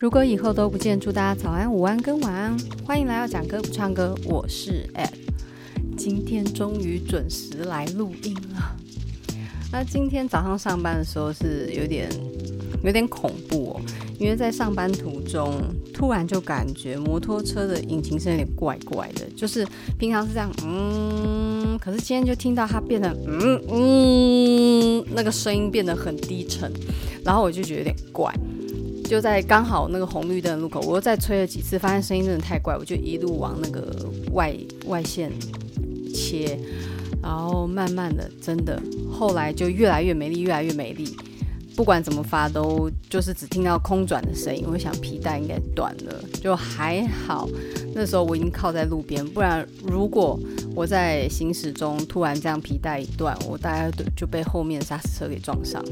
如果以後都不見，祝大家早安、午安跟晚安。歡迎來到講歌不唱歌，我是 App。今天終於準時來錄音了。那今天早上上班的時候是有點有點恐怖哦，因為在上班途中突然就感覺摩托車的引擎聲有點怪怪的，就是平常是這樣，嗯，可是今天就聽到它變得，嗯嗯。那個聲音變得很低沉，然後我就覺得有點怪，就在剛好那個紅綠燈路口，我又再催了幾次，發現聲音真的太怪，我就一路往那個外外線切，然後慢慢的，真的後來就越來越美麗，越來越美麗。不管怎麼發，都就是只聽到空轉的聲音。我想皮帶應該斷了，就還好。那時候我已經靠在路邊，不然如果我在行駛中突然這樣皮帶一斷，我大概就被後面的剎車車給撞上。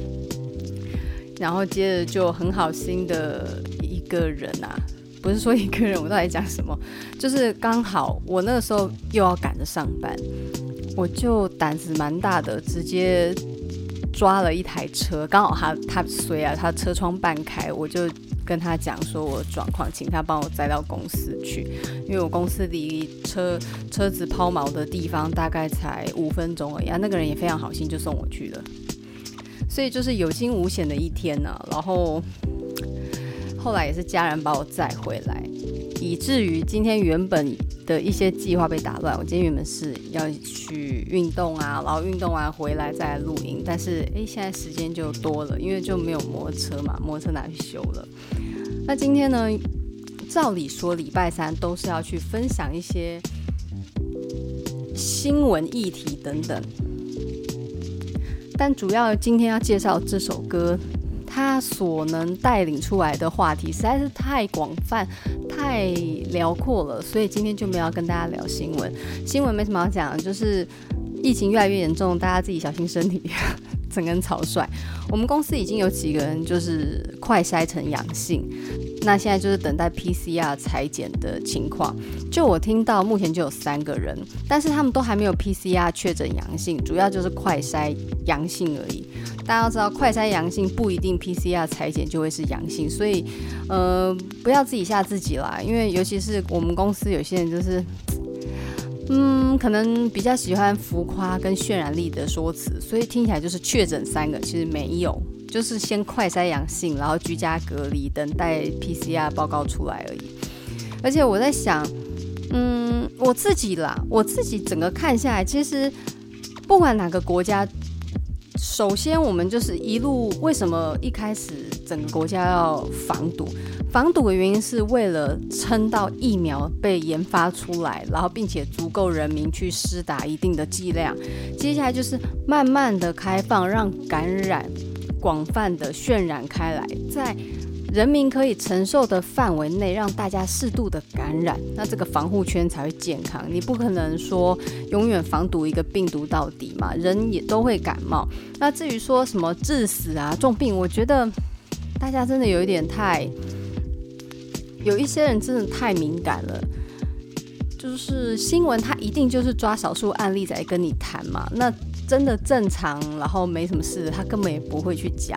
然後接着就很好心的一個人啊，不是說一個人，我到底講什麼？就是剛好我那個時候又要趕着上班，我就膽子蠻大的，直接。抓了一台車，剛好他他衰啊，他車窗半開，我就跟他講說我的狀況，請他幫我載到公司去，因為我公司離車車子拋錨的地方大概才五分鐘而已啊。那個人也非常好心，就送我去了，所以就是有驚無險的一天呢、啊。然後後來也是家人把我載回來，以至於今天原本。的一些計劃被打亂。我今天原本是要去運動啊，然後運動完回來再錄音。但是，誒、欸，現在時間就多了，因為就沒有摩托車嘛，摩托車拿去修了。那今天呢，照理說禮拜三都是要去分享一些新聞議題等等，但主要今天要介紹這首歌，它所能帶領出來的話題實在是太廣泛太遼闊了，所以今天就沒有要跟大家聊新聞。新聞沒什麼好講，就是疫情越來越嚴重，大家自己小心身體。很跟草率，我們公司已經有幾個人就是快篩呈陽性，那現在就是等待 PCR 採檢的情況。就我聽到目前就有三個人，但是他們都還沒有 PCR 確診陽性，主要就是快篩陽性而已。大家要知道，快篩陽性不一定 PCR 採檢就會是陽性，所以呃不要自己嚇自己啦。因為尤其是我們公司有些人就是。嗯，可能比較喜歡浮誇跟渲染力的說辭，所以聽起來就是確診三個，其實沒有，就是先快篩陽性，然後居家隔離，等待 PCR 報告出來而已。而且我在想，嗯，我自己啦，我自己整個看下來，其實不管哪個國家，首先我們就是一路，為什麼一開始整個國家要防堵？防堵的原因是為了撐到疫苗被研發出來，然後並且足夠人民去施打一定的劑量。接下來就是慢慢的開放，讓感染廣泛的渲染開來，在人民可以承受的範圍內，讓大家適度的感染，那這個防護圈才會健康。你不可能說永遠防堵一個病毒到底嘛？人也都會感冒。那至於說什麼致死啊、重病，我覺得大家真的有一點太。有一些人真的太敏感了，就是新聞他一定就是抓少數案例在跟你談嘛，那真的正常，然後沒什麼事，他根本也不會去講，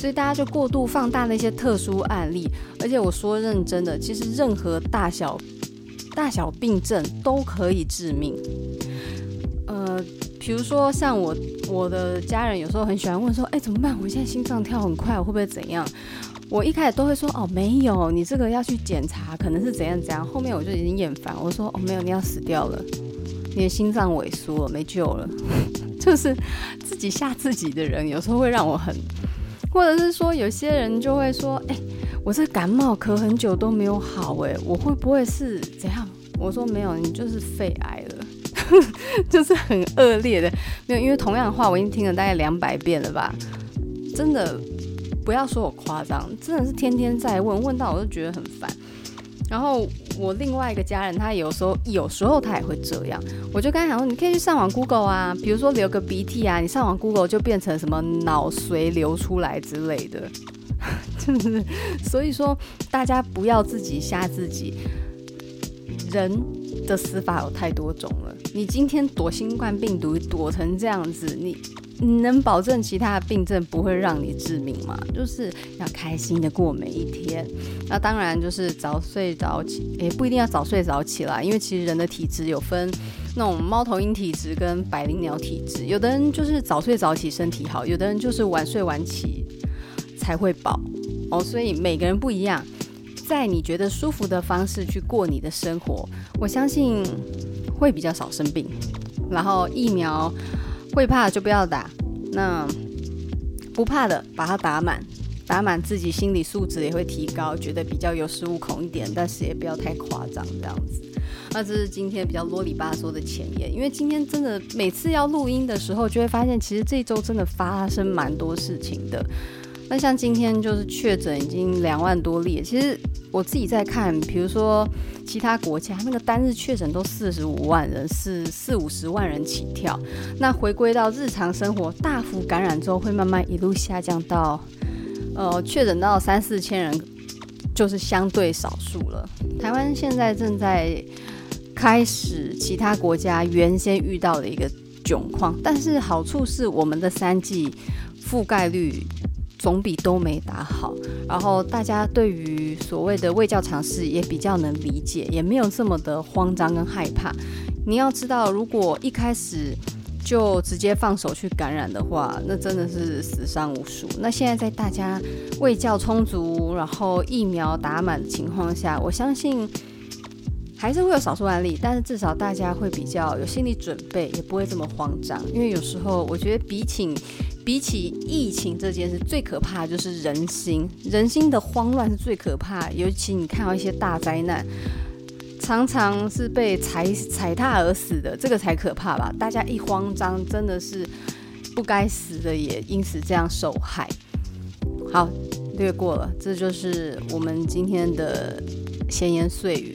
所以大家就過度放大那些特殊案例。而且我說認真的，其實任何大小大小病症都可以致命。呃，比如說像我，我的家人有時候很喜歡問說，哎、欸、怎麼辦？我現在心臟跳很快，我會不會怎樣？我一開始都會說哦，沒有，你這個要去檢查，可能是怎樣怎樣。後面我就已經厭煩，我說哦，沒有，你要死掉了，你的心臟萎縮了，沒救了， 就是自己嚇自己的人，有時候會讓我很，或者是說有些人就會說，哎、欸，我這感冒，咳很久都沒有好，欸，哎，我會不會是怎樣？我說沒有，你就是肺癌了， 就是很惡劣的，沒有，因為同樣的話我已經聽了大概兩百遍了吧，真的。不要說我誇張，真的是天天在問，問到我就覺得很煩。然後我另外一個家人，他有時候有時候他也會這樣，我就跟他講說，你可以去上網 Google 啊，比如說流個鼻涕啊，你上網 Google 就變成什麼腦髓流出來之類的。真的是， 所以說大家不要自己嚇自己，人的死法有太多種了，你今天躲新冠病毒躲成這樣子，你。你能保證其他的病症不會讓你致命嗎？就是要開心的過每一天。那當然就是早睡早起，也不一定要早睡早起啦，因為其實人的體質有分那種貓頭鷹體質跟百靈鳥體質。有的人就是早睡早起身體好，有的人就是晚睡晚起才會飽哦。所以每個人不一樣，在你覺得舒服的方式去過你的生活，我相信會比較少生病。然後疫苗。會怕就不要打，那不怕的把它打滿，打滿自己心理素質也會提高，覺得比較有恃無恐一點，但是也不要太誇張這樣子。那這是今天比較囉里吧嗦的前言，因為今天真的每次要錄音的時候，就會發現其實這周真的發生蠻多事情的。那像今天就是確診已經兩萬多例，其實我自己在看，比如說其他國家，他那個單日確診都四十五萬人，是四五十萬人起跳。那回歸到日常生活，大幅感染之後，會慢慢一路下降到，呃，確診到三四千人，就是相對少數了。台灣現在正在開始其他國家原先遇到的一個窘況，但是好處是我們的三劑覆蓋率。總比都沒打好，然後大家對於所謂的衛教嘗試也比較能理解，也沒有這麼的慌張跟害怕。你要知道，如果一開始就直接放手去感染的話，那真的是死傷無數。那現在在大家衛教充足，然後疫苗打滿的情況下，我相信還是會有少數案例，但是至少大家會比較有心理準備，也不會這麼慌張。因為有時候我覺得比起比起疫情這件事，最可怕的就是人心。人心的慌亂是最可怕，尤其你看到一些大災難，常常是被踩踩踏而死的，這個才可怕吧？大家一慌張，真的是不該死的也因此這樣受害。好，略過了，這就是我們今天的閒言碎語。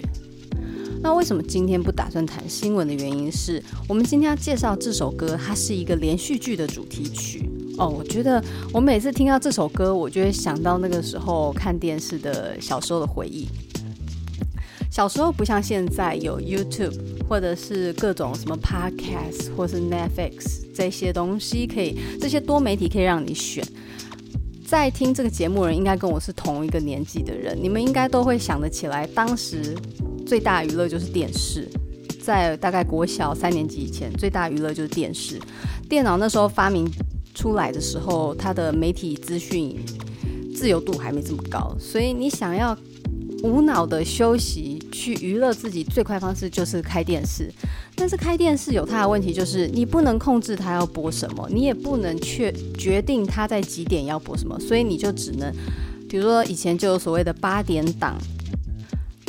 那為什麼今天不打算談新聞的原因是，我們今天要介紹這首歌，它是一個連續劇的主題曲。哦，我覺得我每次聽到這首歌，我就會想到那個時候看電視的小時候的回憶。小時候不像現在有 YouTube 或者是各種什麼 Podcast 或是 Netflix 這些東西可以，這些多媒體可以讓你選。在聽這個節目的人應該跟我是同一個年紀的人，你們應該都會想得起來，當時最大娛樂就是電視，在大概國小三年級以前，最大娛樂就是電視。電腦那時候發明出來的時候，他的媒體資訊自由度還沒這麼高，所以你想要無腦的休息去娛樂自己，最快方式就是開電視。但是開電視有它的問題，就是你不能控制它要播什麼，你也不能確決定它在幾點要播什麼，所以你就只能，比如說以前就有所謂的八點檔。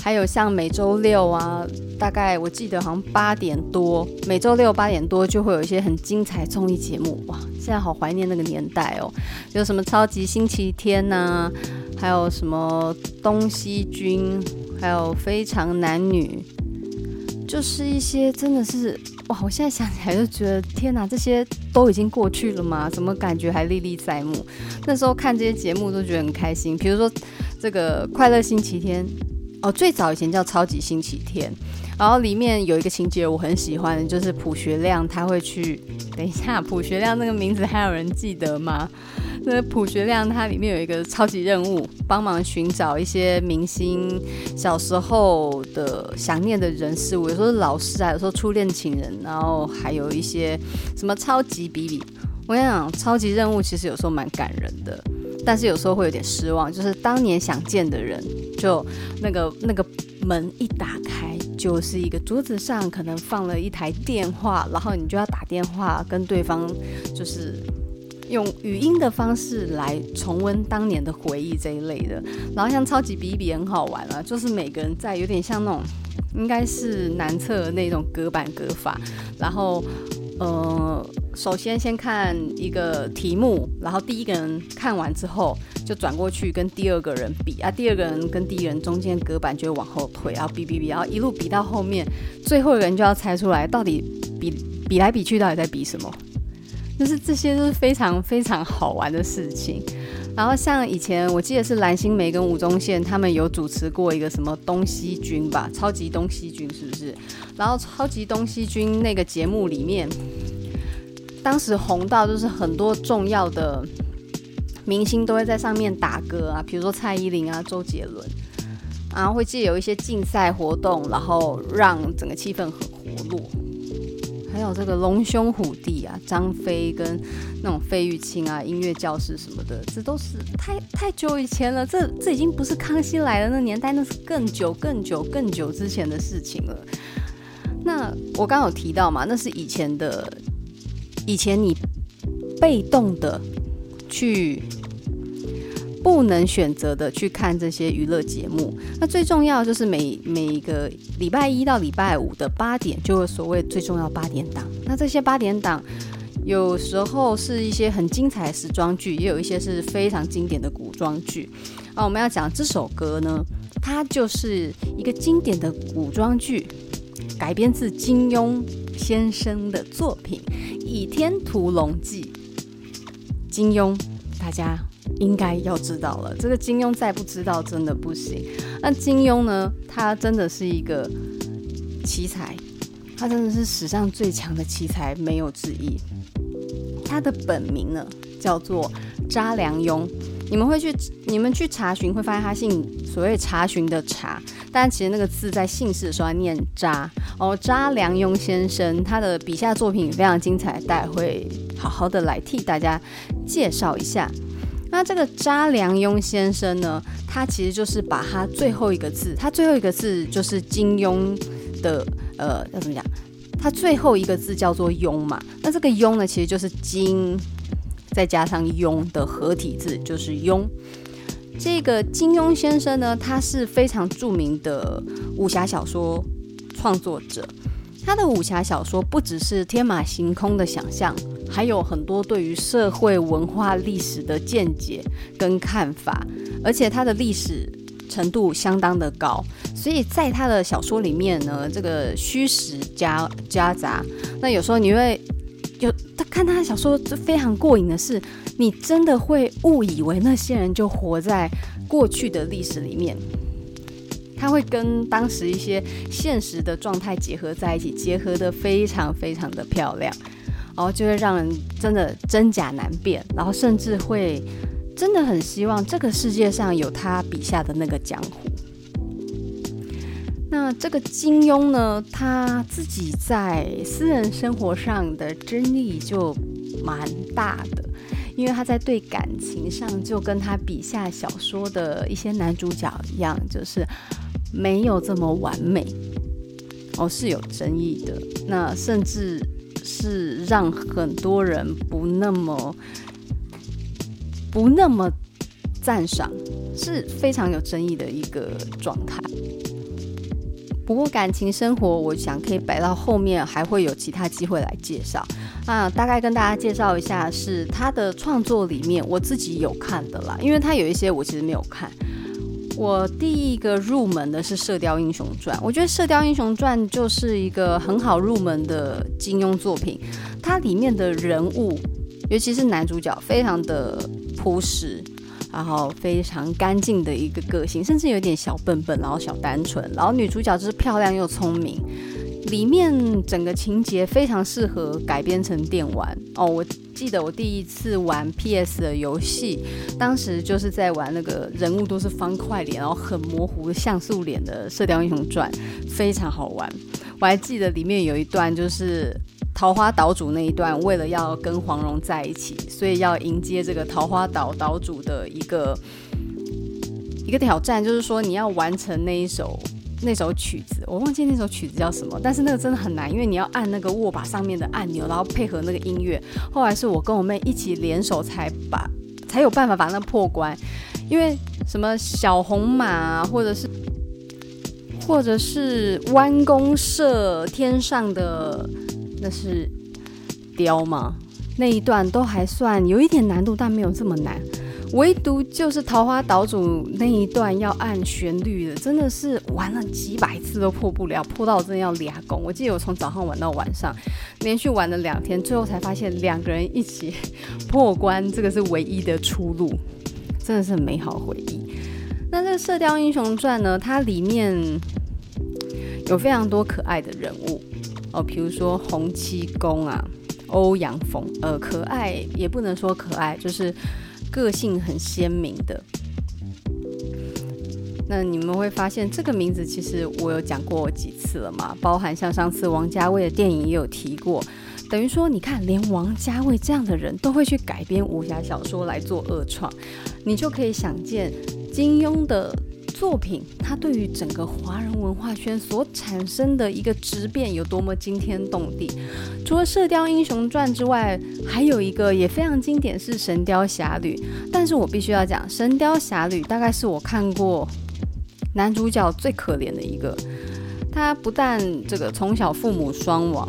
還有像每週六啊，大概我記得好像八點多，每週六八點多就會有一些很精彩綜藝節目。哇，現在好懷念那個年代哦、喔！有什麼超級星期天吶、啊，還有什麼東西軍，還有非常男女，就是一些真的是哇，我現在想起來就覺得天哪，這些都已經過去了嘛，怎麼感覺還歷歷在目？那時候看這些節目都覺得很開心，比如說這個快樂星期天。哦，最早以前叫超級星期天，然後裡面有一個情節我很喜歡，就是卜學亮他會去。等一下，卜學亮那個名字還有人記得嗎？那個卜學亮他裡面有一個超級任務，幫忙尋找一些明星小時候的想念的人事物，有時候是老師，還有時候初戀情人，然後還有一些什麼超級比比。我跟你講，超級任務其實有時候蠻感人的。但是有時候會有點失望，就是當年想見的人，就那個那個門一打開，就是一個桌子上可能放了一台電話，然後你就要打電話跟對方，就是用語音的方式來重溫當年的回憶這一類的。然後像超級比比很好玩了啊，就是每個人在有點像那種應該是男廁的那種隔板隔法，然後。呃，首先先看一個題目，然後第一個人看完之後就轉過去跟第二個人比啊，第二個人跟第一個人中間隔板就往後退，然後比比比，然後一路比到後面，最後一個人就要猜出來到底比比來比去到底在比什麼，就是這些都是非常非常好玩的事情。然後像以前，我記得是藍心湄跟吳宗憲他們有主持過一個什麼東西軍吧，超級東西軍是不是？然後超級東西軍那個節目裡面，當時紅到就是很多重要的明星都會在上面打歌啊，比如說蔡依林啊、周杰倫啊，然後會借有一些競賽活動，然後讓整個氣氛很活絡。還有這個龍兄虎弟啊，張飛跟那種費玉清啊，音樂教室什麼的，這都是太太久以前了。這這已經不是康熙來了那年代，那是更久更久更久之前的事情了。那我剛有提到嘛，那是以前的，以前你被動的去。不能選擇的去看這些娛樂節目。那最重要就是每每個禮拜一到禮拜五的八點，就是所謂最重要八點檔。那這些八點檔有時候是一些很精彩的時裝劇，也有一些是非常經典的古裝劇。啊，我們要講這首歌呢，它就是一個經典的古裝劇，改編自金庸先生的作品《倚天屠龍記》。金庸，大家。應該要知道了，這個金庸再不知道真的不行。那金庸呢，他真的是一個奇才，他真的是史上最強的奇才，沒有之一。他的本名呢叫做查良鏞，你們會去，你們去查詢會發現他姓所謂查詢的查，但其實那個字在姓氏的時候念紮哦。查良鏞先生，他的筆下作品也非常精彩，待會好好的來替大家介紹一下。那這個查良鏞先生呢？他其實就是把他最後一個字，他最後一個字就是金庸的，呃，要怎麼講，他最後一個字叫做庸嘛。那這個庸呢，其實就是金再加上庸的合體字，就是庸。這個金庸先生呢，他是非常著名的武俠小說創作者。他的武俠小說不只是天馬行空的想象。還有很多對於社會文化歷史的見解跟看法，而且他的歷史程度相當的高，所以在他的小說裡面呢，這個虛實夾，夾雜。那有時候你會有他看他的小說，就非常過癮的是，你真的會誤以為那些人就活在過去的歷史裡面。他會跟當時一些現實的狀態結合在一起，結合得非常非常的漂亮。哦，然後就會讓人真的真假難辨，然後甚至會真的很希望這個世界上有他筆下的那個江湖。那這個金庸呢，他自己在私人生活上的爭議就蠻大的，因為他在對感情上就跟他筆下小說的一些男主角一樣，就是沒有這麼完美，哦，是有爭議的。那甚至。是讓很多人不那麼不那麼讚賞，是非常有爭議的一個狀態。不過感情生活，我想可以擺到後面，還會有其他機會來介紹。那、啊、大概跟大家介紹一下，是他的創作裡面我自己有看的啦，因為他有一些我其實沒有看。我第一個入門的是《射雕英雄傳》，我覺得《射雕英雄傳》就是一個很好入門的金庸作品。它裡面的人物，尤其是男主角，非常的樸實，然後非常乾淨的一個個性，甚至有點小笨笨，然後小單純。然後女主角就是漂亮又聰明。裡面整個情節非常適合改編成電玩哦。我。記得我第一次玩 PS 的遊戲，當時就是在玩那個人物都是方塊臉，然後很模糊的像素臉的《射雕英雄傳》，非常好玩。我還記得裡面有一段就是桃花島主那一段，為了要跟黃蓉在一起，所以要迎接這個桃花島島主的一個一個挑戰，就是說你要完成那一首。那首曲子，我忘記那首曲子叫什麼，但是那個真的很難，因為你要按那個握把上面的按鈕，然後配合那個音樂。後來是我跟我妹一起聯手才把才有辦法把那破關，因為什麼小紅馬，或者是或者是彎弓射天上的那是雕嗎？那一段都還算有一點難度，但沒有這麼難。唯獨就是桃花島主那一段要按旋律的，真的是玩了幾百次都破不了，破到我真的要抓狂。我記得我從早上玩到晚上，連續玩了兩天，最後才發現兩個人一起破關，這個是唯一的出路，真的是美好回憶。那這個《射雕英雄傳》呢，它裡面有非常多可愛的人物哦，比如說洪七公啊、歐陽鋒，呃，可愛也不能說可愛，就是。個性很鮮明的，那你們會發現這個名字其實我有講過幾次了嘛，包含像上次王家衛的電影也有提過，等於說你看連王家衛這樣的人都會去改編武俠小說來做二創，你就可以想見金庸的。作品，它對於整個華人文化圈所產生的一個質變有多麼驚天動地，除了《射雕英雄傳》之外，還有一個也非常經典是《神鵰俠侶》。但是我必須要講，《神鵰俠侶》大概是我看過男主角最可憐的一個。他不但這個從小父母雙亡，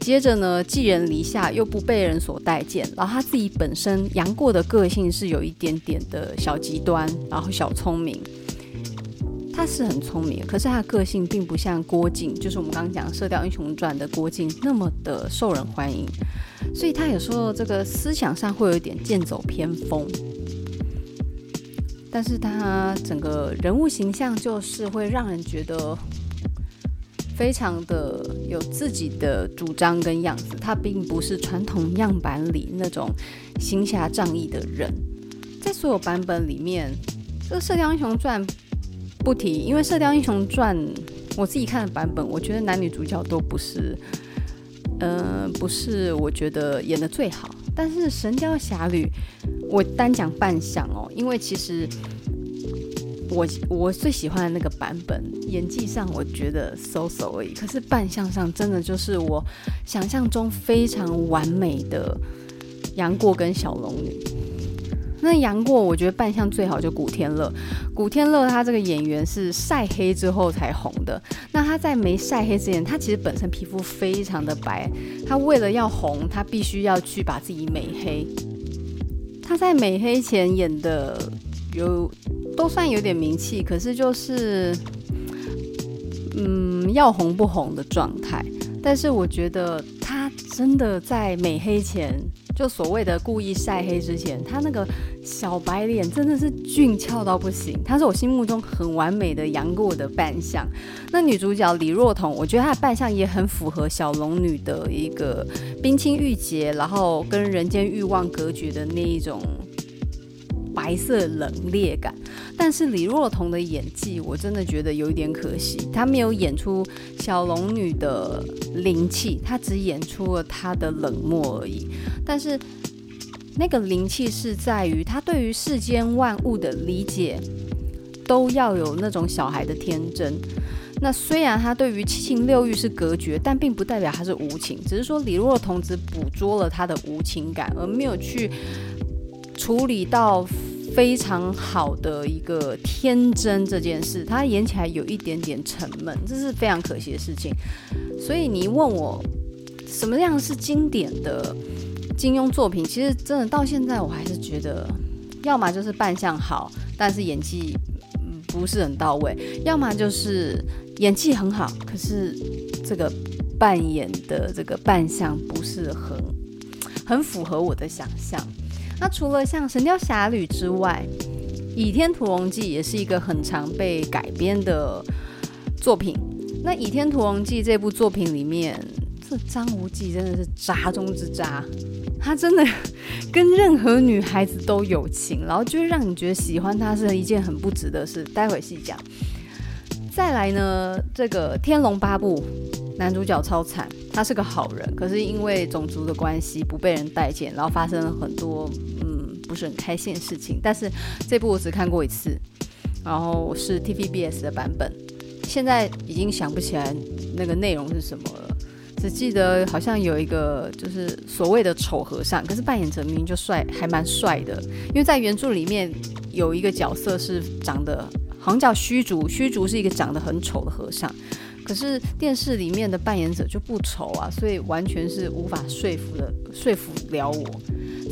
接着呢寄人籬下，又不被人所待見，然後他自己本身楊過的個性是有一點點的小極端，然後小聰明。他是很聰明，可是他的個性並不像郭靖，就是我們剛剛講《射鵰英雄傳》的郭靖那麼的受人歡迎，所以他有時候這個思想上會有一點劍走偏鋒，但是他整個人物形象就是會讓人覺得非常的有自己的主張跟樣子，他並不是傳統樣板裡那種行俠仗義的人，在所有版本裡面，這個《射鵰英雄傳》。不提。因為《射雕英雄傳》，我自己看的版本，我覺得男女主角都不是，嗯、呃，不是，我覺得演的最好。但是《神雕俠侶》，我單講扮相哦，因為其實我我最喜歡的那個版本，演技上我覺得 so so 而已，可是扮相上真的就是我想象中非常完美的楊過跟小龍女。那楊過，我覺得扮相最好就古天樂。古天樂他這個演員是曬黑之後才紅的。那他在沒曬黑之前，他其實本身皮膚非常的白。他為了要紅，他必須要去把自己美黑。他在美黑前演的有都算有點名氣，可是就是嗯要紅不紅的狀態。但是我覺得他真的在美黑前。就所謂的故意曬黑之前，他那個小白臉真的是俊俏到不行，他是我心目中很完美的楊過的扮相。那女主角李若彤，我覺得她的扮相也很符合小龍女的一個冰清玉潔，然後跟人間慾望隔絕的那一種白色冷冽感，但是李若彤的演技我真的覺得有一點可惜，她沒有演出小龍女的靈氣，她只演出了她的冷漠而已。但是那個靈氣是在於她對於世間萬物的理解都要有那種小孩的天真。那雖然她對於七情六慾是隔絕，但並不代表她是無情，只是說李若彤只捕捉了她的無情感，而沒有去。處理到非常好的一個天真這件事，他演起來有一點點沉悶，這是非常可惜的事情。所以你問我什麼樣是經典的金庸作品？其實真的到現在我還是覺得，要麼就是扮相好，但是演技，不是很到位；要麼就是演技很好，可是這個扮演的這個扮相不是很、很符合我的想象。那除了像《神鵰俠侶》之外，《倚天屠龍記》也是一個很常被改編的作品。那《倚天屠龍記》這部作品裡面，這張無忌真的是渣中之渣，他真的跟任何女孩子都有情，然後就是讓你覺得喜歡他是一件很不值得的事。待會細講。再來呢，這個《天龍八部》，男主角超慘。他是個好人，可是因為種族的關係不被人待見，然後發生了很多嗯不是很開心的事情。但是這部我只看過一次，然後是 TVBS 的版本，現在已經想不起來那個內容是什麼了，只記得好像有一個就是所謂的醜和尚，可是扮演者明明就帥，還蠻帥的。因為在原著裡面有一個角色是長得好像叫虛竹，虛竹是一個長得很醜的和尚。可是電視裡面的扮演者就不醜啊，所以完全是無法說服的，說服了我。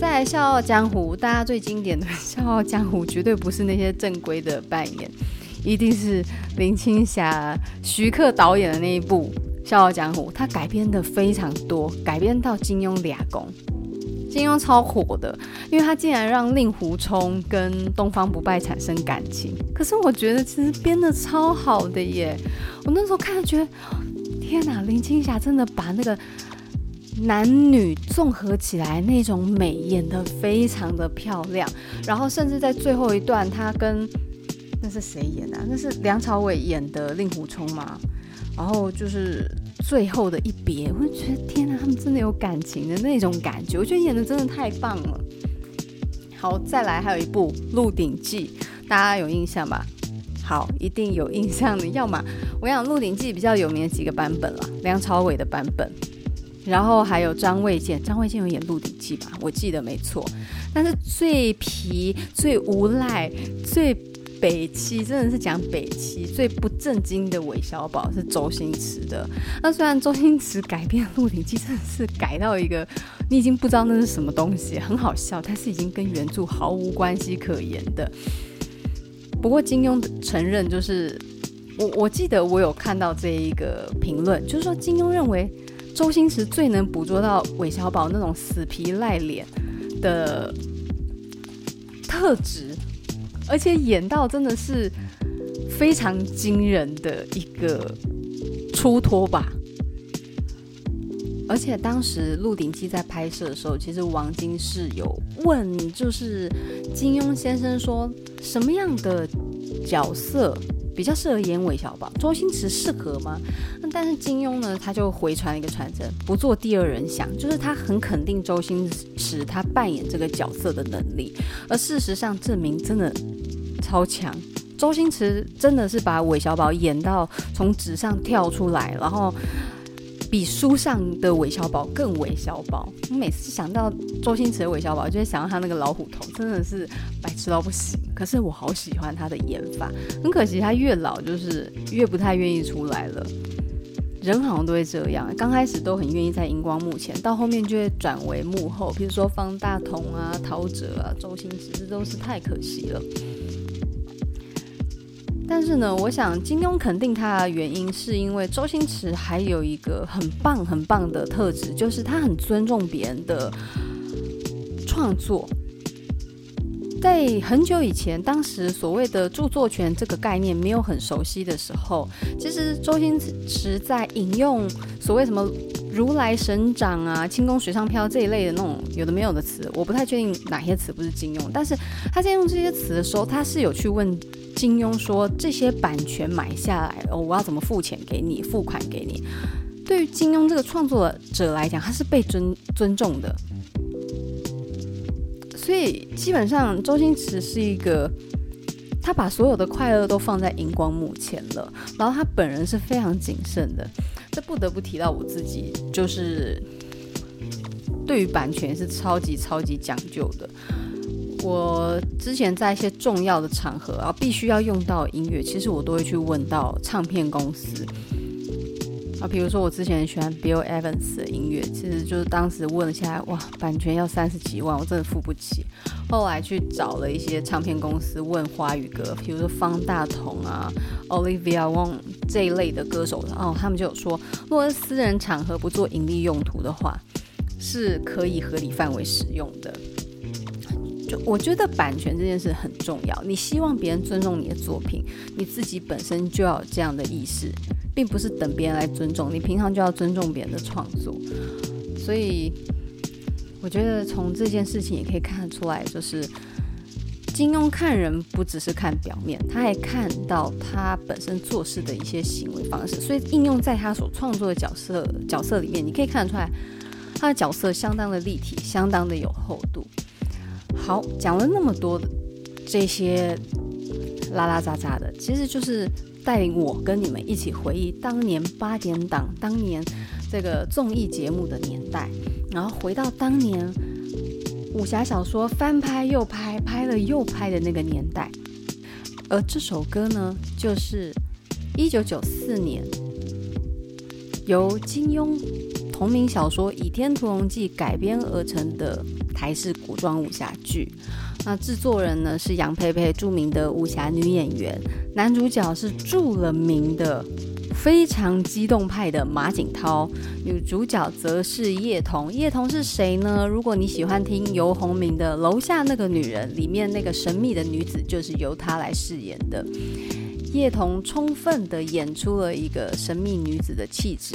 在《笑傲江湖》，大家最經典的《笑傲江湖》絕對不是那些正規的扮演，一定是林青霞、徐克導演的那一部《笑傲江湖》，他改編的非常多，改編到金庸倆公，金庸超火的，因為他竟然讓令狐沖跟東方不敗產生感情。可是我覺得其實編得超好的耶，我那時候看了覺得，天哪，啊，林青霞真的把那個男女綜合起來那種美演得非常的漂亮。然後甚至在最後一段，他跟那是誰演啊？那是梁朝偉演的令狐沖嗎？然後就是。最後的一別，我就覺得天啊，他們真的有感情的那種感覺，我覺得演的真的太棒了。好，再來，還有一部《鹿鼎記》，大家有印象吧？好，一定有印象的。要麼我想《鹿鼎記》比較有名的幾個版本了，梁朝偉的版本，然後還有張衛健，張衛健有演《鹿鼎記》吧？我記得沒錯。但是最皮、最無賴、最……北七真的是講北七最不正經的韋小寶是周星馳的，那雖然周星馳改編《鹿鼎記》真的是改到一個你已經不知道那是什麼東西，很好笑，但是已經跟原著毫無關係可言的。不過金庸承認，就是我我記得我有看到這一個評論，就是說金庸認為周星馳最能捕捉到韋小寶那種死皮賴臉的特質。而且演到真的是非常驚人的一個出脫吧。而且當時《鹿鼎記》在拍攝的時候，其實王晶是有問，就是金庸先生說什麼樣的角色比較適合演韋小寶，周星馳適合嗎？但是金庸呢，他就回傳一個傳承，不做第二人想，就是他很肯定周星馳他扮演這個角色的能力，而事實上證明真的超強，周星馳真的是把韋小寶演到從紙上跳出來，然後。比書上的韋小寶更韋小寶，我每次想到周星馳的韋小寶，就會想到他那個老虎頭，真的是白痴到不行。可是我好喜歡他的演法，很可惜他越老就是越不太願意出來了。人好像都會這樣，剛開始都很願意在熒光幕前，到後面就會轉為幕後。譬如說方大同啊、陶喆啊、周星馳，這都是太可惜了。但是呢，我想金庸肯定他的原因，是因為周星馳還有一個很棒很棒的特質，就是他很尊重別人的創作。在很久以前，當時所謂的著作權這個概念沒有很熟悉的時候，其實周星馳在引用所謂什麼。如來神掌啊，輕功水上漂這一類的那種，有的沒有的詞，我不太確定哪些詞不是金庸。但是他在用這些詞的時候，他是有去問金庸說，這些版權買下來，哦，我要怎麼付錢給你，付款給你。對於金庸這個創作者來講，他是被尊尊重的。所以基本上，周星馳是一個，他把所有的快樂都放在熒光幕前了，然後他本人是非常謹慎的。這不得不提到我自己，就是對於版權是超級超級講究的。我之前在一些重要的場合啊，必須要用到音樂，其實我都會去問到唱片公司。啊，比如說我之前很喜歡 Bill Evans 的音樂，其實就是當時問了下來，哇，版權要三十幾萬，我真的付不起。後來去找了一些唱片公司問華語歌，比如說方大同啊、Olivia Wong 這一類的歌手，後、哦、他們就有說，如果是私人場合不做盈利用途的話，是可以合理範圍使用的。就我覺得版權這件事很重要，你希望別人尊重你的作品，你自己本身就要有這樣的意識。並不是等別人來尊重你，平常就要尊重別人的創作。所以，我覺得從這件事情也可以看得出來，就是金庸看人不只是看表面，他還看到他本身做事的一些行為方式。所以，應用在他所創作的角色角色裡面，你可以看得出來，他的角色相當的立體，相當的有厚度。好，講了那麼多的這些拉拉雜雜的，其實就是。帶領我跟你們一起回憶當年八點檔、當年這個綜藝節目的年代，然後回到當年武俠小說翻拍又拍拍了又拍的那個年代。而這首歌呢，就是一九九四年由金庸同名小說《倚天屠龍記》改編而成的台式古裝武俠劇。那製作人呢，是楊佩佩，著名的武俠女演員。男主角是著了名的、非常激動派的馬景濤，女主角則是葉童。葉童是誰呢？如果你喜歡聽游鴻明的《樓下那個女人》，裡面那個神秘的女子就是由她來飾演的。葉童充分地演出了一個神秘女子的氣質，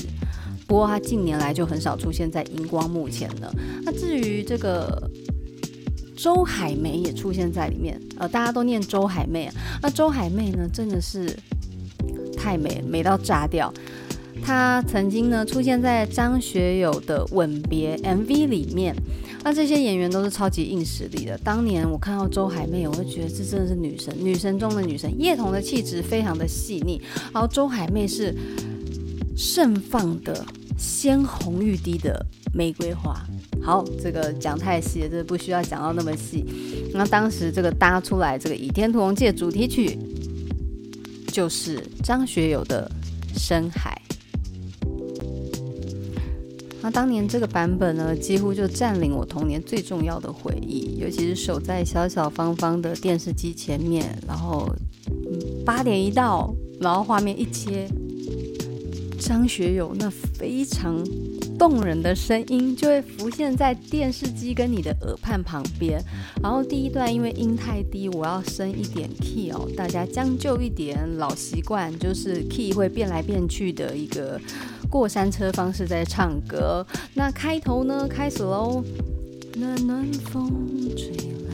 不過她近年來就很少出現在熒光幕前了。那至於這個……周海媚也出現在裡面，呃，大家都念周海媚啊。那周海媚呢，真的是太美了，美到炸掉。她曾經呢，出現在張學友的《吻別》MV 裡面。那這些演員都是超級硬實力的。當年我看到周海媚，我就覺得這真的是女神，女神中的女神。葉童的氣質非常的細膩，然後周海媚是盛放的鮮紅欲滴的。玫瑰花，好，這個講太細了，這不需要講到那麼細。那當時這個搭出來，這個《倚天屠龍記》的主題曲就是張學友的《深海》。那當年這個版本呢，幾乎就佔領我童年最重要的回憶，尤其是守在小小方方的電視機前面，然後，嗯，八點一到，然後畫面一切，張學友那非常動人的聲音就會浮現在電視機跟你的耳畔旁邊。然後第一段因為音太低，我要升一點 key 哦，大家將就一點，老習慣就是 key 會變來變去的一個過山車方式在唱歌。那開頭呢，開始嘍。暖暖風吹來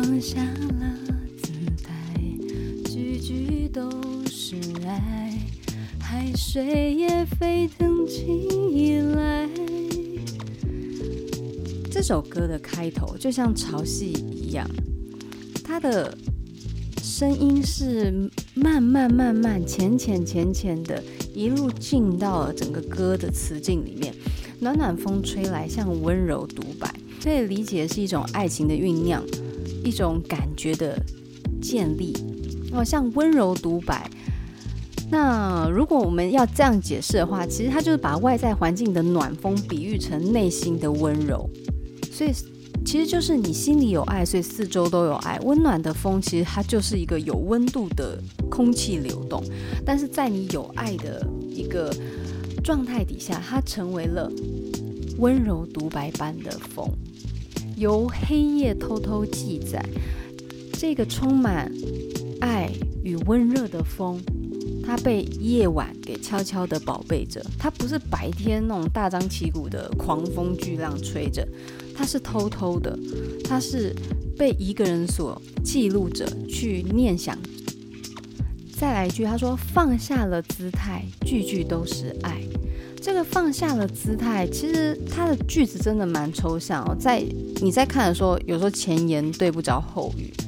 放下了姿態，句句都是愛，海水也沸騰起來。這首歌的開頭就像潮汐一樣，它的聲音是慢慢、慢慢、淺淺、淺、淺、淺淺的，一路進到了整個歌的詞境裡面。暖暖風吹來，像溫柔獨白，可以理解是一種愛情的醞釀。一種感覺的建立，哦，像溫柔獨白。那如果我們要這樣解釋的話，其實它就是把外在環境的暖風比喻成內心的溫柔，所以其實就是你心裡有愛，所以四周都有愛。溫暖的風其實它就是一個有溫度的空氣流動，但是在你有愛的一個狀態底下，它成為了溫柔獨白般的風。由黑夜偷偷記載，這個充滿愛與溫熱的風，它被夜晚給悄悄地寶貝着。它不是白天那種大張旗鼓的狂風巨浪吹着，它是偷偷的，它是被一個人所記錄着去念想。再來一句，他說放下了姿態，句句都是愛。這個放下的姿態，其實它的句子真的蠻抽象哦。在你在看的時候，有時候前言對不着後語，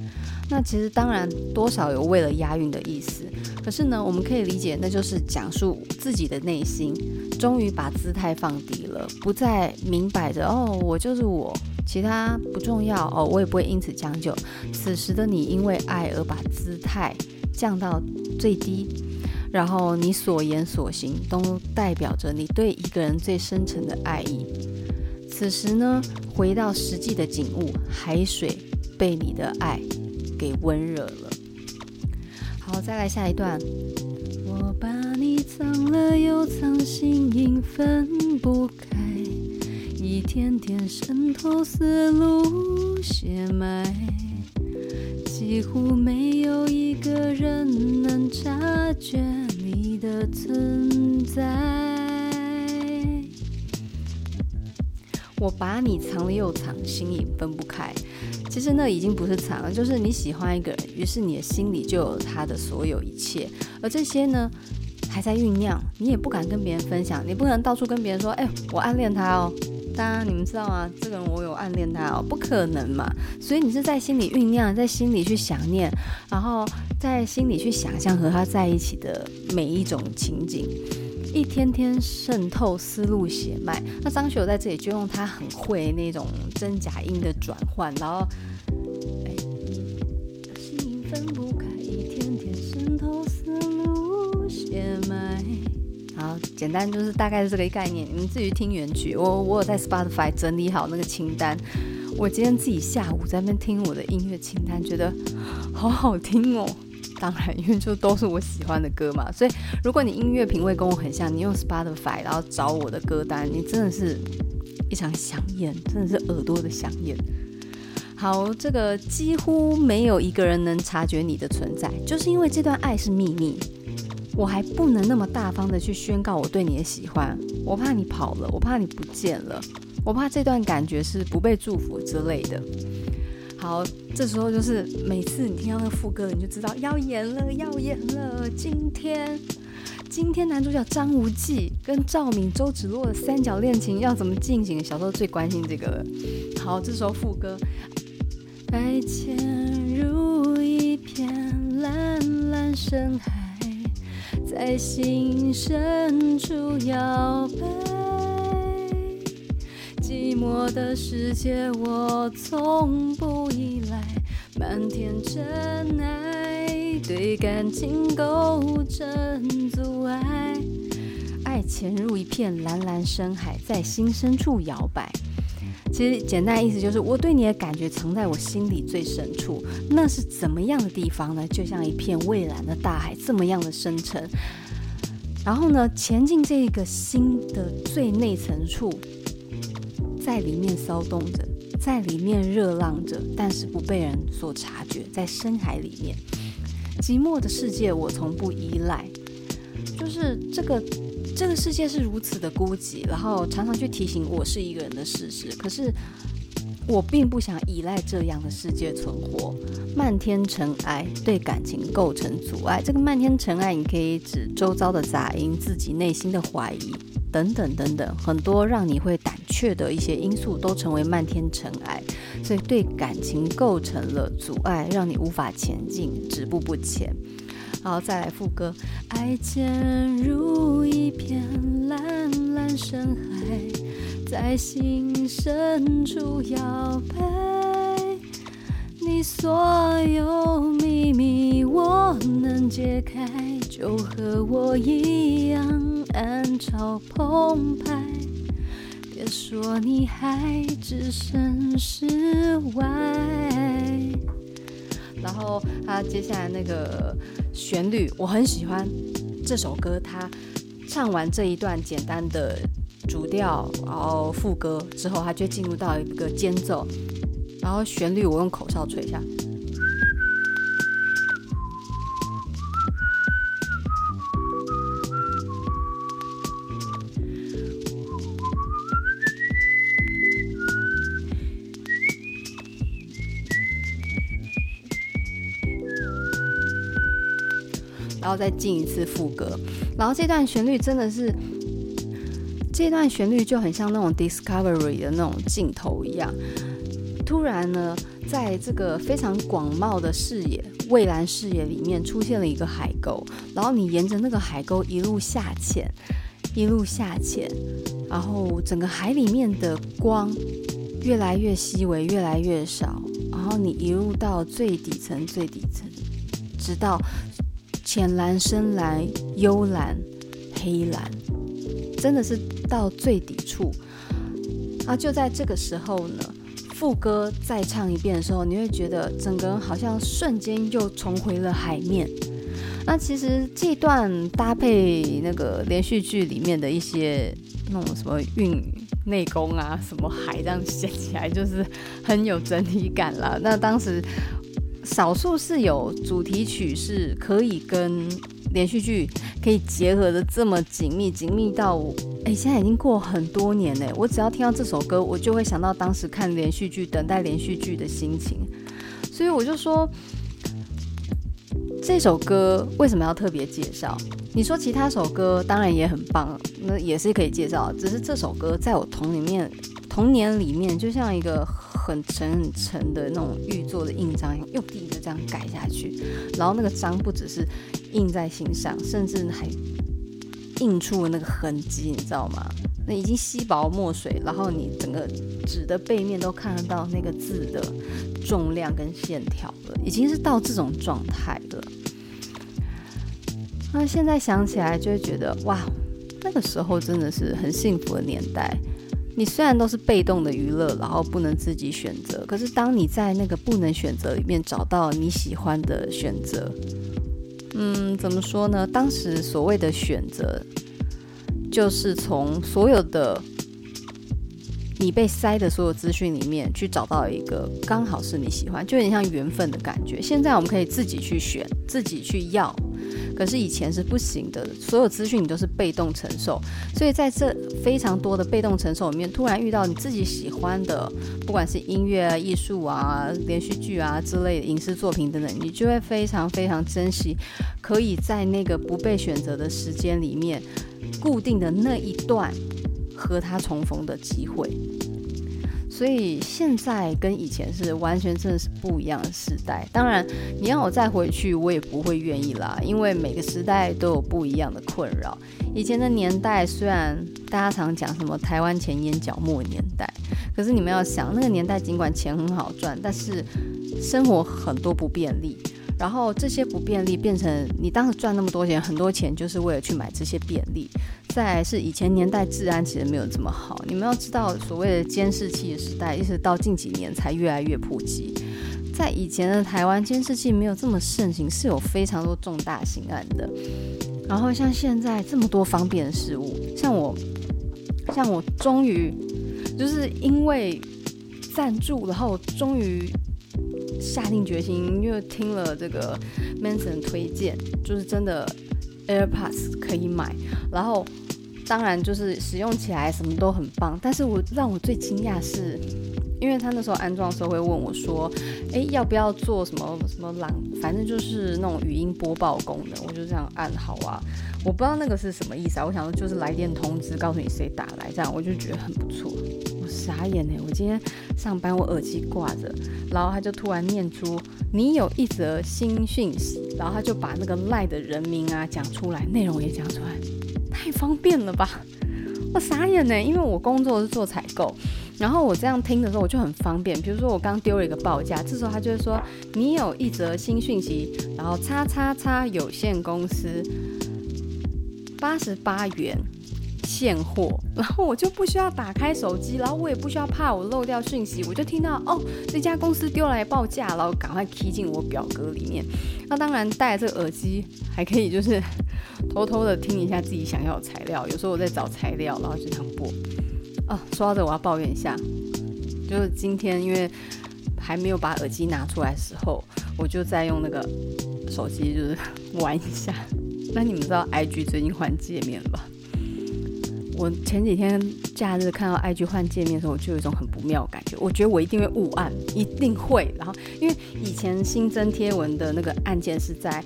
那其實當然多少有為了押韻的意思。可是呢，我們可以理解，那就是講述自己的內心，終於把姿態放低了，不再明擺着哦，我就是我，其他不重要哦，我也不會因此將就。此時的你，因為愛而把姿態降到最低。然後你所言所行都代表着你對一個人最深沉的愛意。此時呢，回到實際的景物，海水被你的愛給溫熱了。好，再來下一段。我把你藏了又藏，心影分不開，一點點滲透思路，血脈。幾乎沒有一個人能察覺你的存在。我把你藏了又藏，心裡分不開。其實那已經不是藏了，就是你喜歡一個人，於是你的心裡就有他的所有一切。而這些呢，還在醞釀，你也不敢跟別人分享，你不能到處跟別人說，哎、欸，我暗戀他哦。當然你們知道嗎？這個人我有暗戀他哦，不可能嘛。所以你是在心裡醞釀，在心裡去想念，然後在心裡去想象和他在一起的每一種情景，一天天滲透思路血脈。那張學友在這裡就用他很會那種真假音的轉換，然後，哎，心分不開，一天天滲透思路血脈。好，簡單就是大概是這個概念，你們自己聽原曲。我我有在 Spotify 整理好那個清單。我今天自己下午在那邊聽我的音樂清單，覺得好好聽哦。當然，因為就都是我喜歡的歌嘛。所以，如果你音樂品味跟我很像，你用 Spotify 然後找我的歌單，你真的是一場饗宴，真的是耳朵的饗宴。好，這個幾乎沒有一個人能察覺你的存在，就是因為這段愛是秘密。我還不能那麼大方的去宣告我對你的喜歡，我怕你跑了，我怕你不見了，我怕這段感覺是不被祝福之類的。好，這時候就是每次你聽到那個副歌，你就知道要演了，要演了。今天，今天男主角張無忌跟趙敏、周芷若的三角戀情要怎麼進行？小時候最關心這個了。好，這時候副歌。愛潛入一片藍藍深海。在心深處搖擺，寂寞的世界我從不依賴，漫天塵埃。對感情構成阻礙，愛潛入一片藍藍深海，在心深處搖擺。其實簡單意思就是，我對你的感覺藏在我心裡最深處，那是怎麼樣的地方呢？就像一片蔚藍的大海，這麼樣的深沉。然後呢，潛進這個心的最內層處，在裡面騷動着，在裡面熱浪着，但是不被人所察覺，在深海裡面，寂寞的世界，我從不依賴。就是這個。這個世界是如此的孤寂，然後常常去提醒我是一個人的事實。可是，我並不想依賴這樣的世界存活。漫天塵埃對感情構成阻礙。這個漫天塵埃，你可以指周遭的雜音、自己內心的懷疑等等等等，很多讓你會膽怯的一些因素都成為漫天塵埃，所以對感情構成了阻礙，讓你無法前進，止步不前。好，再來副歌。愛潛入一片藍藍深海，在心深處搖擺。你所有秘密我能解開，就和我一樣暗潮澎湃。別說你還置身事外。然後他接下來那個旋律我很喜歡，這首歌他唱完這一段簡單的主調，然後副歌之後，他就進入到一個間奏，然後旋律我用口哨吹一下。再進一次副歌，然後這段旋律真的是，這段旋律就很像那種 Discovery 的那種鏡頭一樣。突然呢，在這個非常廣袤的視野、蔚藍視野裡面，出現了一個海溝，然後你沿着那個海溝一路下潛，一路下潛，然後整個海裡面的光越來越稀微，越來越少，然後你一路到最底層、最底層，直到。淺藍、深藍、幽藍、黑藍，真的是到最底處。啊，就在這個時候呢，副歌再唱一遍的時候，你會覺得整個人好像瞬間又重回了海面。那其實這段搭配那個連續劇裡面的一些那種什麼運內功啊，什麼海這樣寫起來，就是很有整體感了。那當時。少數是有主題曲是可以跟連續劇可以結合得這麼緊密，緊密到哎，現在已經過了很多年呢。我只要聽到這首歌，我就會想到當時看連續劇、等待連續劇的心情。所以我就說，這首歌為什麼要特別介紹？你說其他首歌當然也很棒，那也是可以介紹，只是這首歌在我童裡面童年裡面就像一個。很沉很沉的那種玉做的印章，用第一個這樣蓋下去，然後那個章不只是印在心上，甚至還印出了那個痕跡，你知道嗎？那已經吸薄墨水，然後你整個紙的背面都看得到那個字的重量跟線條了，已經是到這種狀態了。那現在想起來就會覺得，哇，那個時候真的是很幸福的年代。你雖然都是被動的娛樂，然後不能自己選擇，可是當你在那個不能選擇裡面找到你喜歡的選擇，嗯，怎麼說呢？當時所謂的選擇，就是從所有的你被塞的所有資訊裡面去找到一個剛好是你喜歡，就有點像緣分的感覺。現在我們可以自己去選，自己去要。可是以前是不行的，所有資訊你都是被動承受，所以在這非常多的被動承受裡面，突然遇到你自己喜歡的，不管是音樂啊、藝術啊、連續劇啊之類的影視作品等等，你就會非常非常珍惜，可以在那個不被選擇的時間裡面，固定的那一段和他重逢的機會。所以現在跟以前是完全真的是不一樣的時代。當然，你讓我再回去，我也不會願意啦。因為每個時代都有不一樣的困擾。以前的年代雖然大家常講什麼台灣錢淹腳目年代，可是你們要想，那個年代儘管錢很好賺，但是生活很多不便利。然後這些不便利變成你當時賺那麼多錢，很多錢就是為了去買這些便利。再是以前年代治安其實沒有這麼好，你們要知道所謂的監視器的時代，一直到近幾年才越來越普及。在以前的台灣，監視器沒有這麼盛行，是有非常多重大刑案的。然後像現在這麼多方便的事物，像我，像我終於就是因為贊助，然後我終於。下定決心，因為聽了這個 Manson 推薦，就是真的 AirPods 可以買，然後當然就是使用起來什麼都很棒，但是我讓我最驚訝的是。因為他那時候安裝的時候會問我說，哎，要不要做什麼什麼朗，反正就是那種語音播報功能，我就這樣按好啊。我不知道那個是什麼意思啊，我想說就是來電通知，告訴你誰打來這樣，我就覺得很不錯。我傻眼呢，我今天上班我耳機掛着，然後他就突然念出你有一則新訊息，然後他就把那個賴的人名啊講出來，內容也講出來，太方便了吧？我傻眼呢，因為我工作是做採購。然後我這樣聽的時候，我就很方便。比如說，我剛丟了一個報價，這時候他就會說：“你有一則新訊息。”然後“叉叉叉有限公司”八十八元現貨。然後我就不需要打開手機，然後我也不需要怕我漏掉訊息，我就聽到哦，這家公司丟來報價，然後趕快 key 進我表格裡面。那當然，戴這個耳機還可以，就是偷偷的聽一下自己想要的材料。有時候我在找材料，然後就想播。哦，說到這我要抱怨一下，就是今天因為還沒有把耳機拿出來的時候，我就在用那個手機，就是玩一下。那你們知道 IG 最近換界面了吧？我前幾天假日看到 IG 換界面的時候，我就有一種很不妙的感覺。我覺得我一定會誤按，一定會。然後因為以前新增貼文的那個按鍵是在。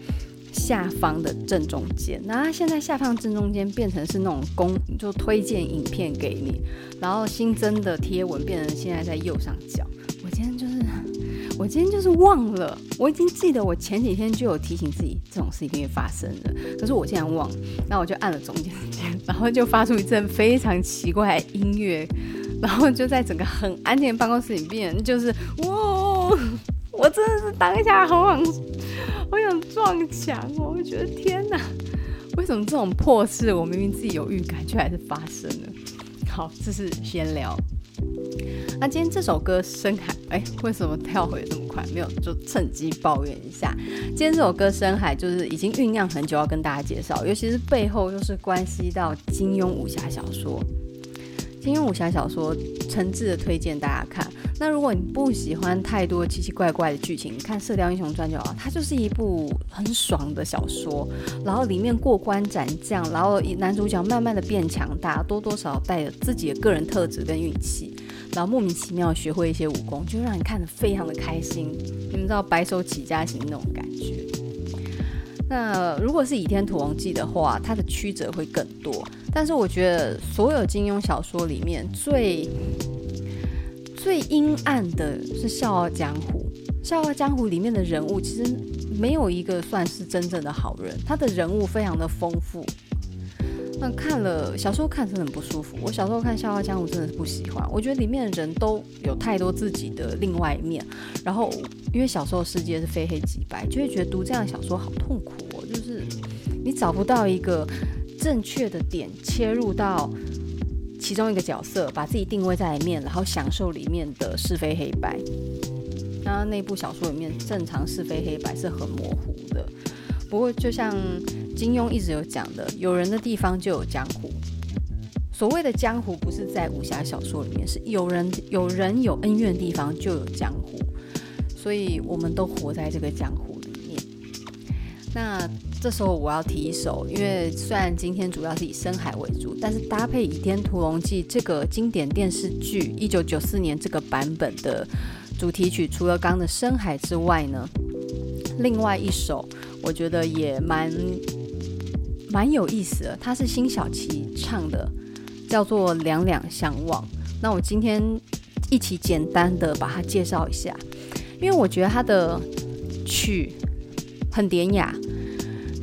下方的正中間，那現在下方正中間變成是那種公，就推薦影片給你，然後新增的貼文變成現在在右上角。我今天就是，我今天就是忘了，我已經記得我前幾天就有提醒自己這種事一定會發生的，可是我竟然忘了，那我就按了中間鍵，然後就發出一陣非常奇怪的音樂，然後就在整個很安靜的辦公室裡面，就是哇、哦。我真的是當下好想，好想撞牆哦！我覺得天哪，為什麼這種破事我明明自己有預感，卻還是發生了？好，這是閒聊。那今天這首歌《深海》，哎，為什麼跳回這麼快？沒有，就趁機抱怨一下。今天這首歌《深海》就是已經醞釀很久要跟大家介紹，尤其是背後又是關係到金庸武俠小說。金庸武俠小說，誠摯的推薦大家看。那如果你不喜歡太多奇奇怪怪的劇情，你看《射雕英雄傳》專就好，它就是一部很爽的小說。然後裡面過關斬將，然後男主角慢慢的變強大，多多少帶着自己的個人特質跟運氣，然後莫名其妙學會一些武功，就讓你看得非常的開心。你們知道白手起家型那種感覺。那如果是《倚天屠龍記》的話，它的曲折會更多。但是我覺得所有金庸小說裡面最。最陰暗的是《笑傲江湖》。《笑傲江湖》裡面的人物其實沒有一個算是真正的好人，他的人物非常的豐富。那看了小時候看真的很不舒服。我小時候看《笑傲江湖》，真的是不喜歡。我覺得裡面的人都有太多自己的另外一面。然後，因為小時候世界是非黑即白，就會覺得讀這樣的小說好痛苦哦。就是你找不到一個正確的點切入到。其中一個角色，把自己定位在裡面，然後享受裡面的是非黑白。那那部小說裡面，正常是非黑白是很模糊的。不過，就像金庸一直有講的，有人的地方就有江湖。所謂的江湖，不是在武俠小說裡面，是有人、有人有恩怨的地方就有江湖。所以，我們都活在這個江湖裡面。那這時候我要提一首，因為，雖然今天主要是以深海為主，但是搭配《倚天屠龍記》這個經典電視劇一九九四年這個版本的主題曲，除了剛的深海之外呢，另外一首我覺得也蠻蠻有意思的，它是辛曉琪唱的，叫做《兩兩相望》。那我今天一起簡單的把它介紹一下，因為我覺得它的曲很典雅。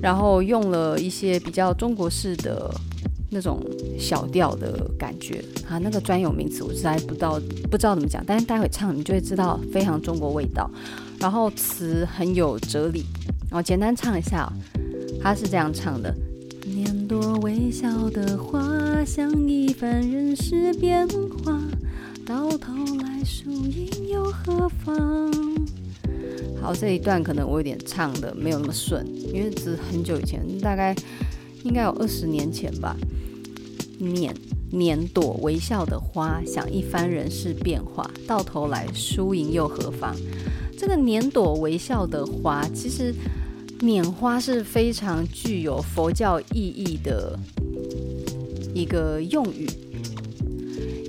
然後用了一些比較中國式的那種小調的感覺啊，那個專有名詞我實在不知道，不知道怎麼講，但是待會唱你就會知道非常中國味道。然後詞很有哲理，然、哦、後簡單唱一下、哦，他是這樣唱的：拈朵，微笑的花，想一番人世變化，到頭來輸贏又何妨。好，這一段可能我有點唱的沒有那麼順，因為是很久以前，大概應該有二十年前吧。拈拈朵微笑的花，想一番人世變化，到頭來輸贏又何妨？這個拈朵微笑的花，其實拈花是非常具有佛教意義的一個用語，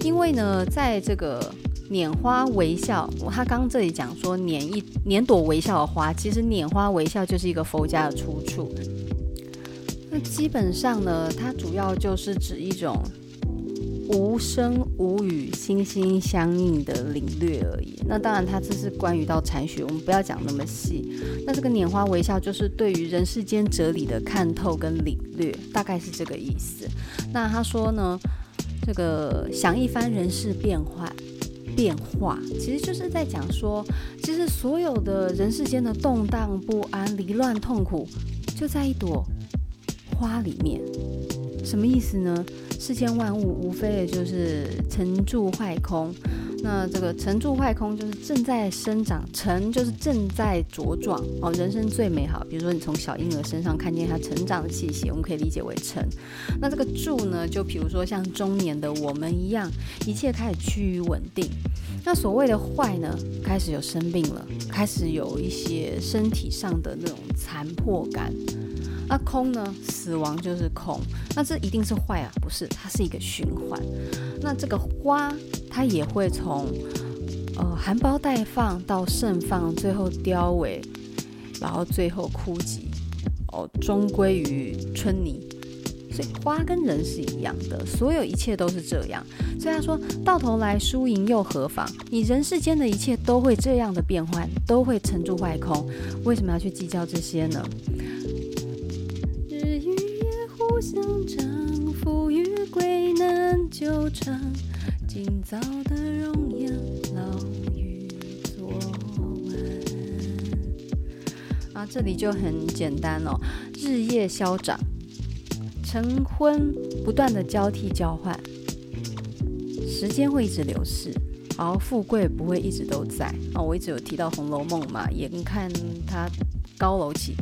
因為呢，在這個。拈花微笑，他剛這裡講說拈一拈朵微笑的花，其實拈花微笑就是一個佛家的出處。那基本上呢，它主要就是指一種無聲無語、心心相印的領略而已。那當然，它這是關於到禪學，我們不要講那麼細。那這個拈花微笑，就是對於人世間哲理的看透跟領略，大概是這個意思。那他說呢，這個想一番人世變化。變化其實就是在講說，其實所有的人世間的動盪不安、離亂痛苦，就在一朵花裡面。什麼意思呢？世間萬物無非也就是成住壞空。那這個成住壞空就是正在生長，成就是正在茁壯哦，人生最美好。比如說你從小嬰兒身上看見他成長的氣息，我們可以理解為成。那這個住呢，就比如說像中年的我們一樣，一切開始趨於穩定。那所謂的壞呢，開始有生病了，開始有一些身體上的那種殘破感。那、啊、空呢？死亡就是空，那這一定是壞啊？不是，它是一個循環。那這個花，它也會從呃含苞待放到盛放，最後凋萎，然後最後枯竭，哦，終歸於春泥。所以花跟人是一樣的，所有一切都是這樣。所以他說到頭來，輸贏又何妨？你人世間的一切都會這樣的變幻，都會成住壞空，為什麼要去計較這些呢？富與貴難久長，今早的容顏老於昨晚啊，這裡就很簡單了，哦。日夜消長，晨昏不斷的交替交換，時間會一直流逝，而、啊、富貴不會一直都在。啊，我一直有提到《紅樓夢》嘛，眼看它高樓起，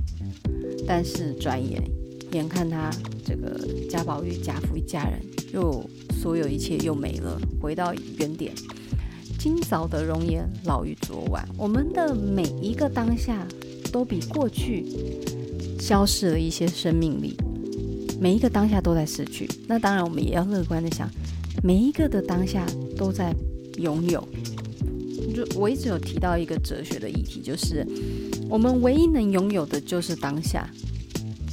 但是轉眼。眼看他這個賈寶玉、賈府一家人又所有一切又沒了，回到原點。今早的容顏老於昨晚，我們的每一個當下都比過去消逝了一些生命力，每一個當下都在失去。那當然，我們也要樂觀的想，每一個的當下都在擁有。就我一直有提到一個哲學的議題，就是我們唯一能擁有的就是當下。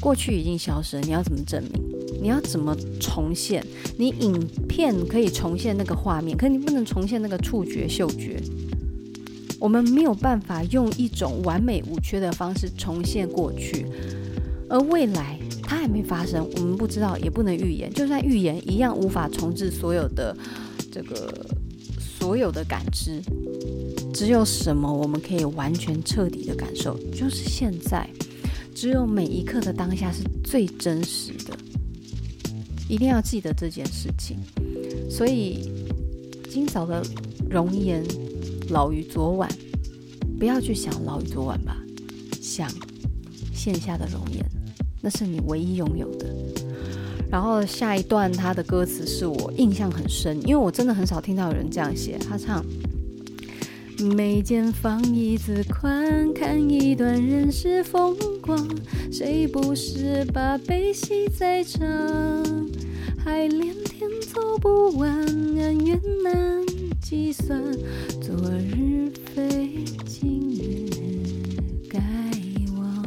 過去已經消失了，你要怎麼證明？你要怎麼重現？你影片可以重現那個畫面，可你不能重現那個觸覺、嗅覺。我們沒有辦法用一種完美無缺的方式重現過去，而未來它還沒發生，我們不知道，也不能預言。就算預言，一樣無法重置所有的這個所有的感知。只有什麼，我們可以完全徹底的感受，就是現在。只有每一刻的當下是最真實的，一定要記得這件事情。所以，今早的容顏老於昨晚，不要去想老於昨晚吧，想現下的容顏，那是你唯一擁有的。然後下一段他的歌詞是我印象很深，因為我真的很少聽到有人這樣寫。他唱。眉間放一字寬，看一段人世風光。誰不是把悲喜在嘗？海連天走不完，恩怨難計算。昨日非今日，該忘。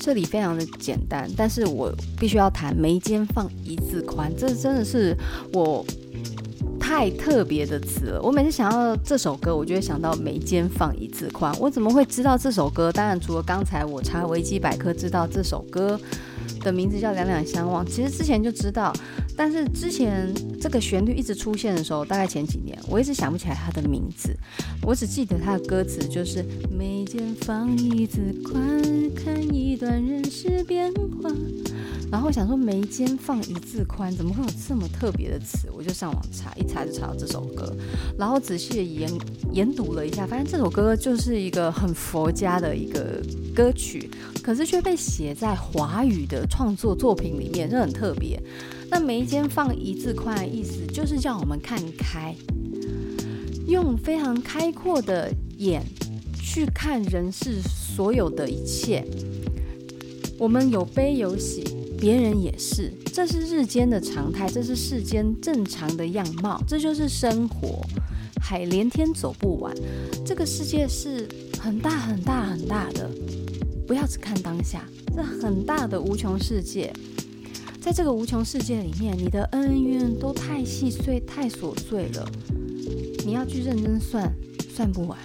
這裡非常的簡單，但是我必須要談眉間放一字寬，這真的是我。太特別的詞了，我每次想到這首歌，我就會想到眉間放一字寬。我怎麼會知道這首歌？當然，除了剛才我查維基百科知道這首歌的名字叫《兩兩相望》，其實之前就知道。但是之前這個旋律一直出現的時候，大概前幾年，我一直想不起來它的名字，我只記得它的歌詞就是眉間放一字寬，看一段人世變化。然後想說眉間放一字寬，怎麼會有這麼特別的詞？我就上網查，一查就查到這首歌，然後仔細的研研讀了一下，發現這首歌就是一個很佛家的一個歌曲，可是卻被寫在華語的創作作品裡面，這很特別。那眉間放一字寬，意思就是叫我們看開，用非常開闊的眼去看人世所有的一切。我們有悲有喜，別人也是，這是日間的常態，這是世間正常的樣貌，這就是生活。海連天走不完，這個世界是很大很大很大的，不要只看當下，這很大的無窮世界。在這個無窮世界裡面，你的恩恩怨怨都太細碎、太瑣碎了，你要去認真算，算不完。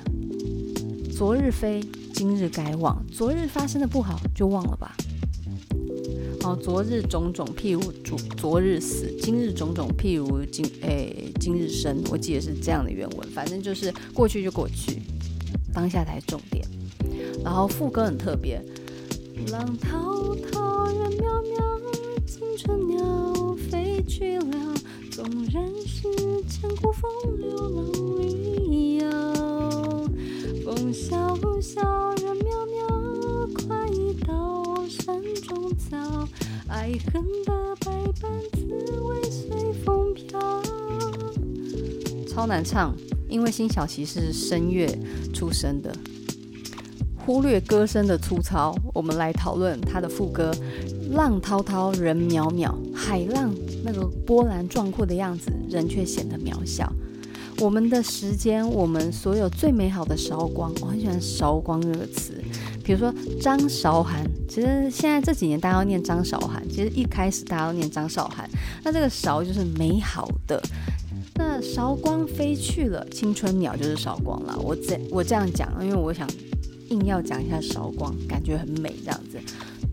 昨日非，今日該忘。昨日發生的不好就忘了吧。哦，昨日種種譬如昨昨日死，今日種種譬如今誒今日生。我記得是這樣的原文，反正就是過去就過去，當下才是重點。然後副歌很特別，浪滔滔，人渺渺。縱然是千古風流浪裡搖，風蕭蕭，人渺渺，快意刀山中草。愛恨的百般滋味隨風飄，超難唱，因為辛曉琪是聲樂出身的。忽略歌聲的粗糙，我們來討論她的副歌：“浪滔滔，人渺渺，海浪。”那個波瀾壯闊的樣子，人卻顯得渺小。我們的時間，我們所有最美好的韶光，我很喜歡“韶光”這個詞。比如說張韶涵，其實現在這幾年大家要念張韶涵，其實一開始大家都念張韶涵。那這個“韶”就是美好的，那韶光飛去了，青春鳥就是韶光了。我這我這樣講，因為我想硬要講一下韶光，感覺很美這樣子。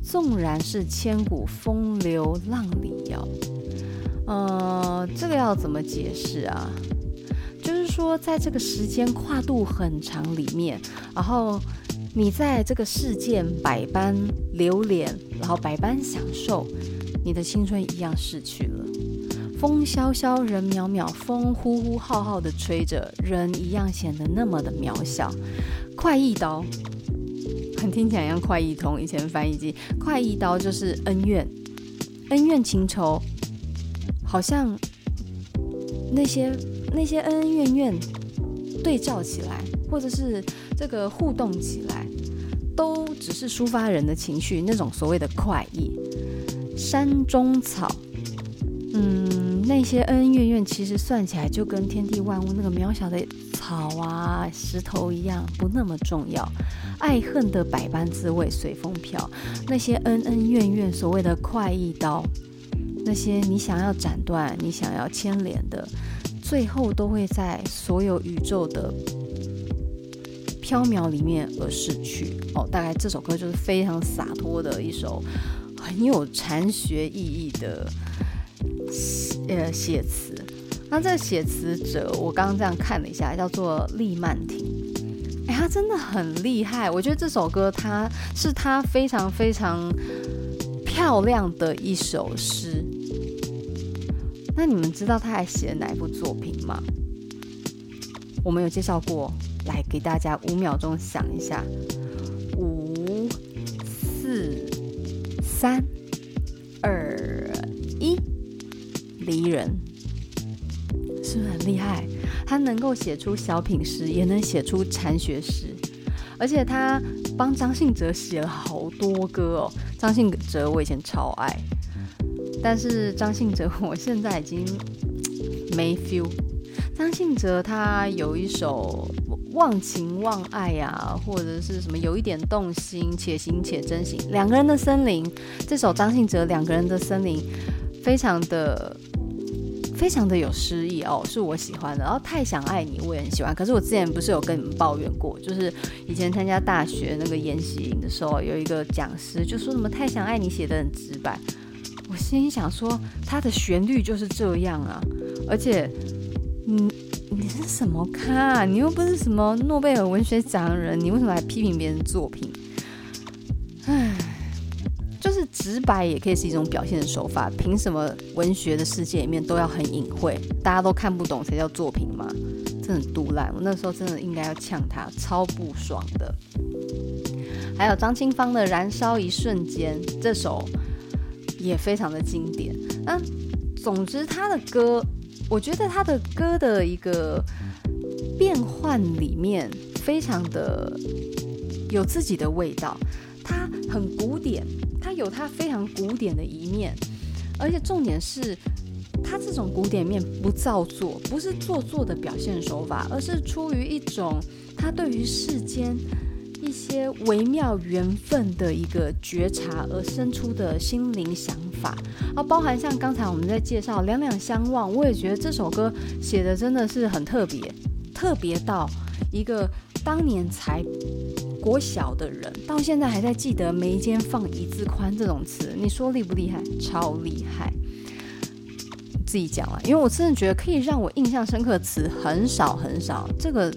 縱然是千古風流浪裡搖，哦。呃，這個要怎麼解釋啊？就是說，在這個時間跨度很長裡面，然後你在這個世界百般留戀，然後百般享受，你的青春一樣逝去了。風蕭蕭，人渺渺，風呼呼浩浩的吹着，人一樣顯得那麼的渺小。快意刀，很聽起來像快意通，以前翻譯機快意刀就是恩怨，恩怨情仇。好像那些那些恩恩怨怨，對照起來，或者是這個互動起來，都只是抒發人的情緒，那種所謂的快意。山中草，嗯，那些恩恩怨怨其實算起來就跟天地萬物那個渺小的草啊、石頭一樣，不那麼重要。愛恨的百般滋味隨風飄，那些恩恩怨怨所謂的快意刀，那些你想要斬斷、你想要牽連的，最後都會在所有宇宙的飄渺裡面而逝去。哦，大概這首歌就是非常灑脫的一首，很有禪學意義的呃寫詞。那這個寫詞者，我剛剛這樣看了一下，叫做厲曼婷。哎、欸，他真的很厲害。我覺得這首歌，它是他非常非常漂亮的一首詩。那你們知道他還寫了哪一部作品嗎？我們有介紹過來給大家，五秒鐘想一下，五、四、三、二、一，離人，是不是很厲害？他能夠寫出小品詩，也能寫出禪學詩，而且他幫張信哲寫了好多歌哦。張信哲我以前超愛。但是張信哲，我現在已經沒 feel。張信哲他有一首《忘情忘愛》呀，或者是什麼，有一點動心，且行且珍惜。兩個人的森林，這首張信哲《兩個人的森林》非常的非常的有詩意哦，是我喜歡的。然後《太想愛你》我也很喜歡。可是我之前不是有跟你們抱怨過，就是以前參加大學那個研習營的時候，有一個講師就說什麼《太想愛你》寫得很直白。我心裡想說，它的旋律就是這樣啊，而且，你你是什麼咖？你又不是什麼諾貝爾文學獎人，你為什麼還批評別人作品？唉，就是直白也可以是一種表現的手法，憑什麼文學的世界裡面都要很隱晦，大家都看不懂才叫作品嘛。真的很毒爛，我那時候真的應該要嗆他，超不爽的。還有張清芳的《燃燒一瞬間》這首。也非常的經典。嗯，總之他的歌，我覺得他的歌的一個變換裡面，非常的有自己的味道。他很古典，他有他非常古典的一面，而且重點是他這種古典面不造作，不是做作的表現手法，而是出於一種他對於世間。一些微妙緣分的一個覺察而生出的心靈想法，而、啊、包含像剛才我們在介紹兩兩相望，我也覺得這首歌寫的真的是很特別，特別到一個當年才國小的人到現在還在記得眉間放一字寬這種詞，你說厲不厲害？超厲害！自己講了，因為我真的覺得可以讓我印象深刻的詞很少很少，這個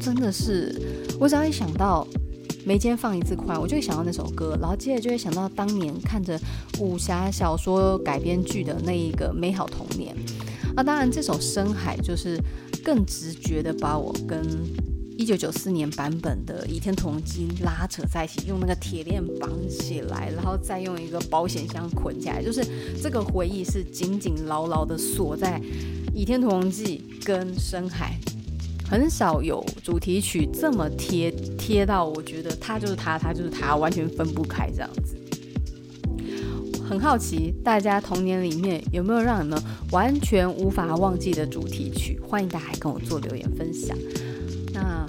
真的是。我只要一想到眉間放一字寬，我就會想到那首歌，然後接着就會想到當年看着武俠小說改編劇的那一個美好童年。那、啊、當然這首《深海》就是更直覺的把我跟一九九四年版本的《倚天屠龍記》拉扯在一起，用那個鐵鏈綁起來，然後再用一個保險箱捆起來，就是這個回憶是緊緊牢牢的鎖在《倚天屠龍記》跟《深海》。很少有主題曲這麼貼貼到，我覺得他就是他，他就是他，完全分不開這樣子。很好奇，大家童年裡面有沒有讓你們完全無法忘記的主題曲？歡迎大家跟我做留言分享。那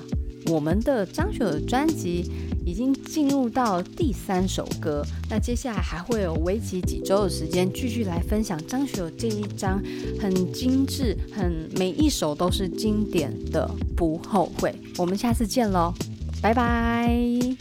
我們的張學友的專輯。已經進入到第三首歌，那接下來還會有為期幾周的時間，繼續來分享張學友這一張很精致、很每一首都是經典的《不後悔》。我們下次見嘍，拜拜。